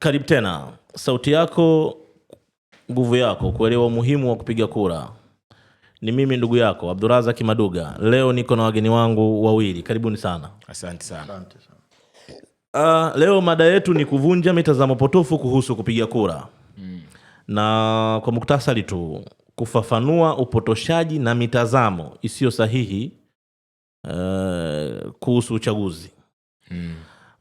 Karibu tena. Sauti yako, nguvu yako, kuelewa umuhimu wa kupiga kura. Ni mimi ndugu yako abduraza kimaduga Leo niko na wageni wangu wawili, karibuni sana. Asante sana, asante sana. Uh, leo mada yetu ni kuvunja mitazamo potofu kuhusu kupiga kura mm. Na kwa muktasari tu kufafanua upotoshaji na mitazamo isiyo sahihi uh, kuhusu uchaguzi mm.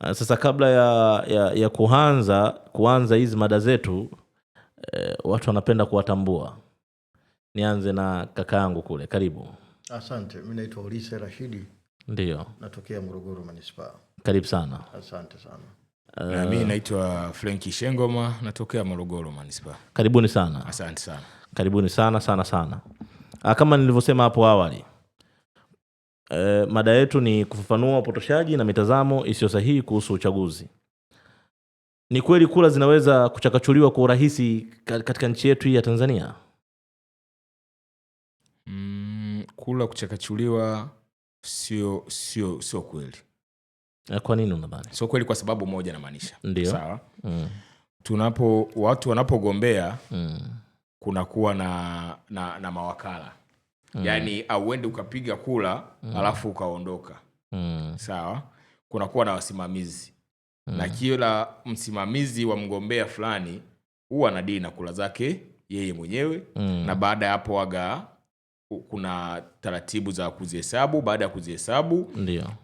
Eh, sasa kabla ya, ya, ya kuanza kuanza hizi mada zetu eh, watu wanapenda kuwatambua. Nianze na kaka yangu kule, karibu. Asante, mi naitwa Ulise Rashidi, ndio natokea Morogoro manispaa. Karibu sana. Asante sana. Uh, na mi naitwa Frenki Shengoma natokea Morogoro manispa Karibuni sana. Asante sana. Karibuni sana sana sana. Ah, kama nilivyosema hapo awali Eh, mada yetu ni kufafanua upotoshaji na mitazamo isiyo sahihi kuhusu uchaguzi. Ni kweli kura zinaweza kuchakachuliwa kwa urahisi katika nchi yetu hii ya Tanzania? Mm, kura kuchakachuliwa sio sio sio kweli. Eh, kwa nini unadhani? Sio kweli kwa sababu moja namaanisha. Ndio. Sawa. Mm. Tunapo watu wanapogombea mm. kunakuwa na, na, na mawakala mm. yani auende ukapiga kula mm. alafu ukaondoka mm. sawa kunakuwa na wasimamizi mm. na kila msimamizi wa mgombea fulani huwa anadili na kula zake yeye mwenyewe mm. na baada ya hapo waga kuna taratibu za kuzihesabu. Baada ya kuzihesabu,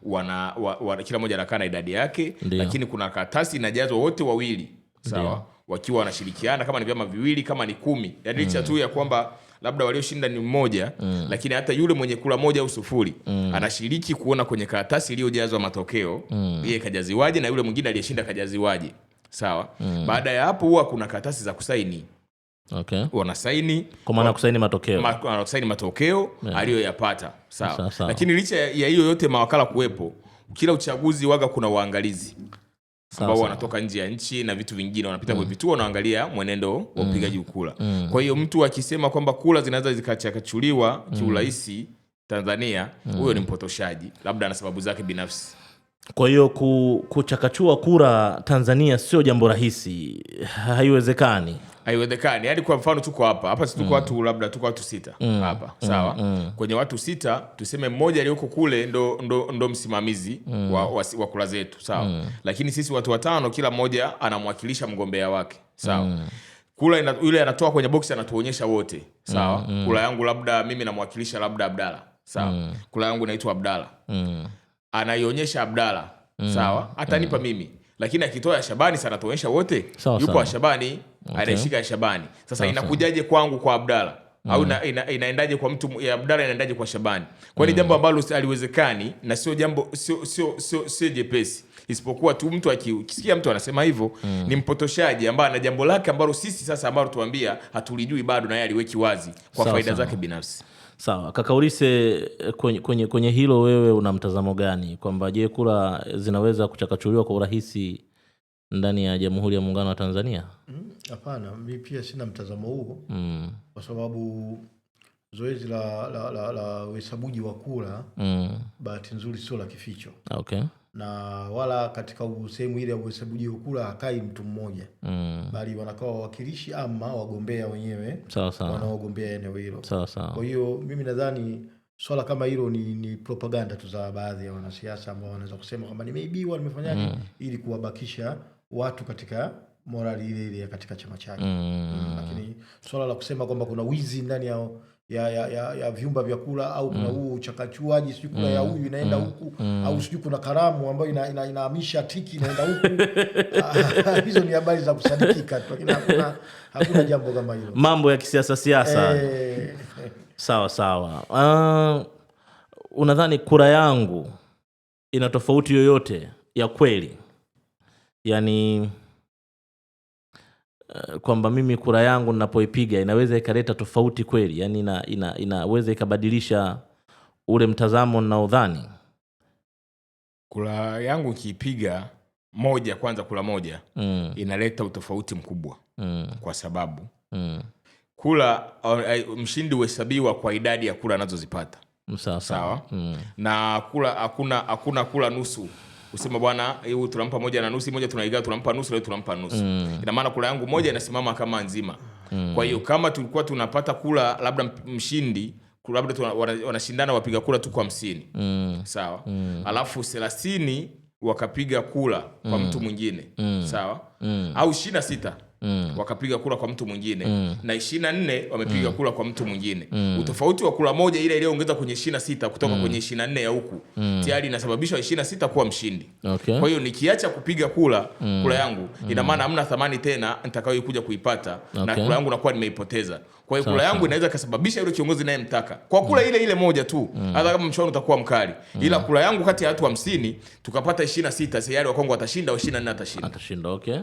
wana, wa, wa, kila mmoja anakaa na idadi yake Ndiyo. Lakini kuna karatasi inajazwa wote wawili sawa, wakiwa wanashirikiana kama ni vyama viwili, kama ni kumi, yani licha mm. tu ya kwamba labda walioshinda ni mmoja mm. lakini hata yule mwenye kula moja au sufuri mm. anashiriki kuona kwenye karatasi iliyojazwa matokeo mm. yeye kajaziwaje na yule mwingine aliyeshinda kajaziwaje sawa mm. baada ya hapo huwa kuna karatasi za kusaini okay. wanasaini kwa maana kusaini matokeo wanakusaini matokeo yeah. aliyoyapata sawa. sawa, lakini licha ya hiyo yote mawakala kuwepo kila uchaguzi waga kuna uangalizi ambao wanatoka nje ya nchi na vitu vingine, wanapita mm. kwenye vituo wanaangalia mwenendo wa mm. upigaji kura mm. kwa hiyo mtu akisema kwamba kula zinaweza zikachakachuliwa mm. kiurahisi Tanzania, huyo mm. ni mpotoshaji, labda ana sababu zake binafsi. Kwa hiyo kuchakachua kura Tanzania sio jambo rahisi, haiwezekani haiwezekani. Yaani kwa mfano tuko hapa hapa, si tuko mm. watu labda tuko watu sita mm. hapa mm, sawa mm. kwenye watu sita tuseme mmoja aliyoko kule ndo, ndo, ndo msimamizi mm. wa, wa, wa kura zetu sawa mm. lakini sisi watu watano, kila mmoja anamwakilisha mgombea wake sawa mm kula ina, yule anatoa kwenye boksi anatuonyesha wote sawa. Mm, mm, Kula yangu labda mimi namwakilisha labda Abdala sawa. mm. Kula yangu naitwa Abdala mm anaionyesha Abdala mm. sawa, atanipa mm. mimi lakini akitoa Shabani sana tuonyesha wote sawa, yuko sawa. Shabani okay. anaishika Shabani sasa sawa, inakujaje kwangu kwa Abdala Mm. au ina, ina, inaendaje kwa mtu ya Abdala inaendaje kwa Shabani? Kwani mm. jambo ambalo aliwezekani na sio jambo sio sio sio sio jepesi, isipokuwa tu mtu akisikia mtu anasema hivyo mm. ni mpotoshaji ambaye ana jambo lake ambalo sisi sasa ambalo tuambia hatulijui bado, na yeye aliweki wazi kwa faida zake binafsi. Sawa kaka eh, kwenye, kwenye, kwenye hilo wewe una mtazamo gani kwamba je, kura zinaweza kuchakachuliwa kwa urahisi ndani ya Jamhuri ya Muungano wa Tanzania? Mm, hapana, mm, mi pia sina mtazamo huo mm, kwa sababu zoezi la uhesabuji la, la, la, wa kura mm, bahati nzuri sio la kificho okay na wala katika sehemu ile ya uhesabuji wa kura akai mtu mmoja mm. bali wanakawa wawakilishi ama wagombea wenyewe wanaogombea eneo hilo. Kwa hiyo mimi nadhani swala kama hilo ni, ni propaganda tu za baadhi ya wanasiasa ambao wanaweza kusema kwamba nimeibiwa, nimefanyaje mm. ili kuwabakisha watu katika morali ile ile katika chama chake mm. mm. lakini swala la kusema kwamba kuna wizi ndani yao ya ya, ya, ya vyumba vya kula au kuna mm. huu mm. uchakachuaji sijui kuna mm. ya huyu inaenda mm. huku mm. au sijui kuna karamu ambayo ina, ina, tiki inaenda huku. Hizo ni habari za kusadikika tu, lakini hakuna, hakuna jambo kama hilo, mambo ya kisiasa siasa eh. sawa sawa. Uh, unadhani kura yangu ina tofauti yoyote ya kweli? Yani Eh, kwamba mimi kura yangu ninapoipiga inaweza ikaleta tofauti kweli, yani ina, ina, inaweza ikabadilisha ule mtazamo ninaodhani. Kura yangu ikiipiga moja, kwanza kura moja mm. inaleta utofauti mkubwa mm. kwa sababu mm. kura eh, mshindi huhesabiwa kwa idadi ya kura anazozipata. Sawa mm. na kula hakuna hakuna kula nusu kusema bwana, huu tunampa moja na nusu, moja tunaigawa, tunampa nusu, leo tunampa nusu mm. Ina maana kula yangu moja mm. inasimama kama nzima mm. Kwa hiyo kama tulikuwa tunapata kula labda mshindi labda wanashindana wapiga kula tu kwa hamsini mm. sawa mm. alafu thelathini wakapiga kula kwa mm. mtu mwingine mm. sawa mm. au 26 na sita mm. wakapiga kura kwa mtu mwingine mm. na ishirini nne wamepiga mm. kura kwa mtu mwingine mm. utofauti wa kura moja ile iliyoongeza kwenye ishirini sita kutoka mm. kwenye ishirini nne ya huku mm. tayari inasababisha ishirini sita kuwa mshindi. Okay. Kwa hiyo nikiacha kupiga kura mm. kura yangu mm. ina maana hamna thamani tena nitakayokuja kuipata. Okay. na kura yangu nakuwa nimeipoteza. Kwa hiyo kura yangu inaweza ikasababisha yule kiongozi nayemtaka kwa kura mm. ile ile moja tu mm. hata mm. kama mchuano utakuwa mkali mm. ila kura yangu kati ya watu hamsini tukapata ishirini na sita tayari Wakongo watashinda au ishirini nne atashinda. Atashinda, okay.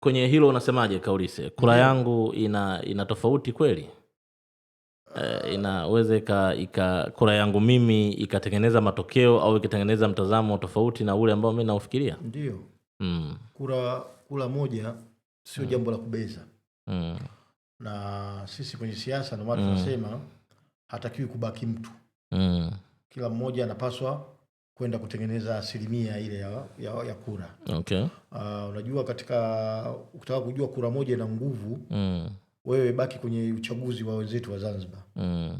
Kwenye hilo unasemaje Kaulise? Kura yangu ina ina tofauti kweli? Uh, inaweza ika kura yangu mimi ikatengeneza matokeo au ikatengeneza mtazamo tofauti na ule ambao mi naufikiria? Ndio. Mm. Kura kura moja sio mm. jambo la kubeza mm. na sisi kwenye siasa ndio hmm. tunasema mm. hatakiwi kubaki mtu mm. kila mmoja anapaswa kwenda kutengeneza asilimia ile ya, ya, ya kura okay. Uh, unajua katika ukitaka kujua kura moja ina nguvu mm. Wewe baki kwenye uchaguzi wa wenzetu wa Zanzibar mm.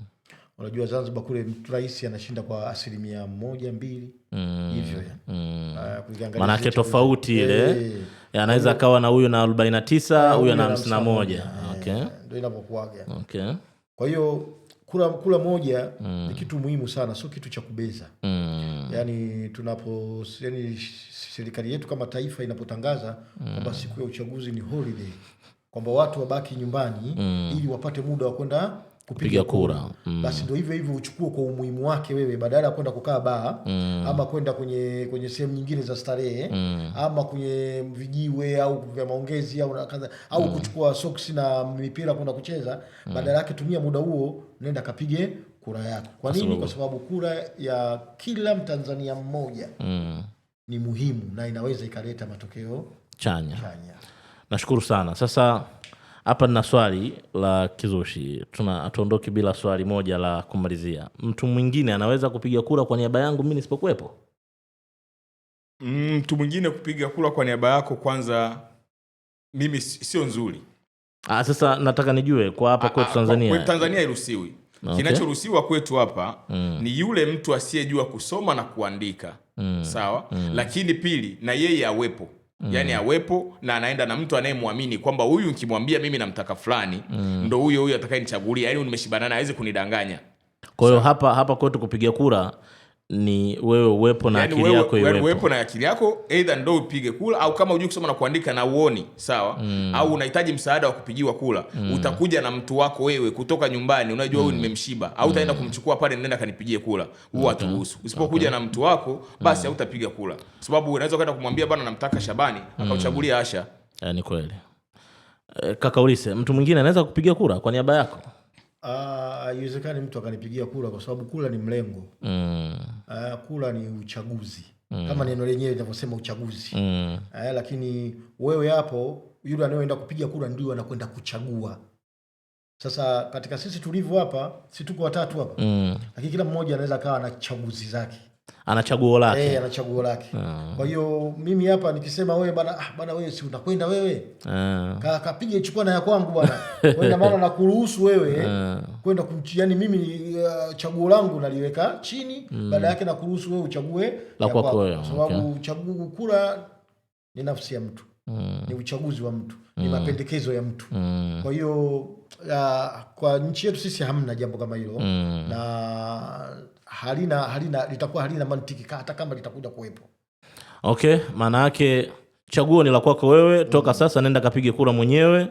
Unajua Zanzibar kule rais anashinda kwa asilimia moja mbili mm. hivyo mm. Ah, uh, manake tofauti eh. ile eh, anaweza akawa na huyo na arobaini na tisa ah, na hamsini na moja eh, ndo inavyokuwaga. Kwa hiyo kula, kula moja mm. ni kitu muhimu sana, sio kitu cha kubeza mm. yani tunapo yani serikali yetu kama taifa inapotangaza mm. kwamba siku ya uchaguzi ni holiday, kwamba watu wabaki nyumbani mm. ili wapate muda wa kwenda kupiga kura mm. Basi ndo hivyo hivyo uchukue kwa umuhimu wake wewe, badala ya kwenda kukaa baa mm. ama kwenda kwenye kwenye sehemu nyingine za starehe mm. ama kwenye vijiwe au vya maongezi au kadha au mm. kuchukua soksi na mipira kwenda kucheza mm. badala yake tumia muda huo, nenda kapige kura yako. Kwa nini? Kwa sababu kura ya kila Mtanzania mmoja mm. ni muhimu na inaweza ikaleta matokeo chanya, chanya. Nashukuru sana sasa hapa nina swali la kizushi, hatuondoki bila swali moja la kumalizia. Mtu mwingine anaweza kupiga kura kwa niaba yangu mi nisipokuwepo? Mtu mwingine kupiga kura kwa niaba yako, kwanza mimi sio nzuri. Ah, sasa nataka nijue kwa hapa ah, kwetu ah, Tanzania. kwa, Tanzania hairuhusiwi. Okay. Kinachoruhusiwa kwetu hapa mm. ni yule mtu asiyejua kusoma na kuandika mm. sawa mm. lakini pili na yeye awepo Mm. Yaani awepo na anaenda na mtu anayemwamini kwamba huyu nkimwambia mimi namtaka fulani mm. ndo huyo huyo atakayenichagulia, yaani nimeshibana na aweze kunidanganya. Kwa hiyo hapa hapa kwetu kupiga kura ni wewe uwepo na yaani akili yako yaani iwepo. Uwepo na akili yako either ndo upige kula au kama hujui kusoma na kuandika na uoni sawa, mm. au unahitaji msaada wa kupigiwa kula mm. utakuja na mtu wako wewe kutoka nyumbani, unajua huyu mm. nimemshiba, au utaenda mm. kumchukua pale, nenda kanipigie kula, huwa okay. haturuhusu. Usipokuja okay. na mtu wako basi mm. hautapiga kula, sababu unaweza kwenda kumwambia bana, namtaka Shabani akauchagulia mm. Asha. Eh, ni kweli eh, kaka Ulise, mtu mwingine anaweza kupiga kura kwa niaba yako Ah, haiwezekani mtu akanipigia kura kwa sababu kura ni mlengo mm. uh, ah, kura ni uchaguzi mm. kama neno lenyewe linavyosema uchaguzi mm. uh, lakini wewe hapo, yule anayoenda kupiga kura ndio anakwenda kuchagua. Sasa katika sisi tulivyo hapa, si tuko watatu hapa mm. lakini kila mmoja anaweza akawa na chaguzi zake ana chaguo lake eh, ana chaguo lake. Ah. Kwa hiyo mimi hapa nikisema wewe bana, ah, bana wewe si unakwenda wewe ah. ka kapige chukua na ya kwangu bwana, kwenda maana nakuruhusu wewe eh, ah. kwenda yani mimi uh, chaguo langu naliweka chini mm. baada yake nakuruhusu wewe uchague la kwa sababu okay. chaguo kura ni nafsi ya mtu mm. ni uchaguzi wa mtu mm. ni mapendekezo ya mtu mm. kwa hiyo uh, kwa nchi yetu sisi hamna jambo kama hilo mm. na halina, halina, litakuwa halina mantiki hata kama litakuja kuwepo. Okay, maana yake chaguo ni la kwako wewe toka mm. Sasa nenda kapige kura mwenyewe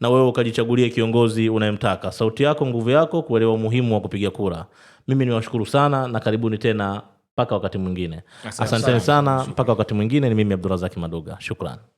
na wewe ukajichagulie kiongozi unayemtaka. Sauti yako, nguvu yako, kuelewa umuhimu wa kupiga kura. Mimi niwashukuru sana na karibuni tena mpaka wakati mwingine. Asanteni sana mpaka wakati mwingine. Ni mimi Abdurazaki Maduga, shukran.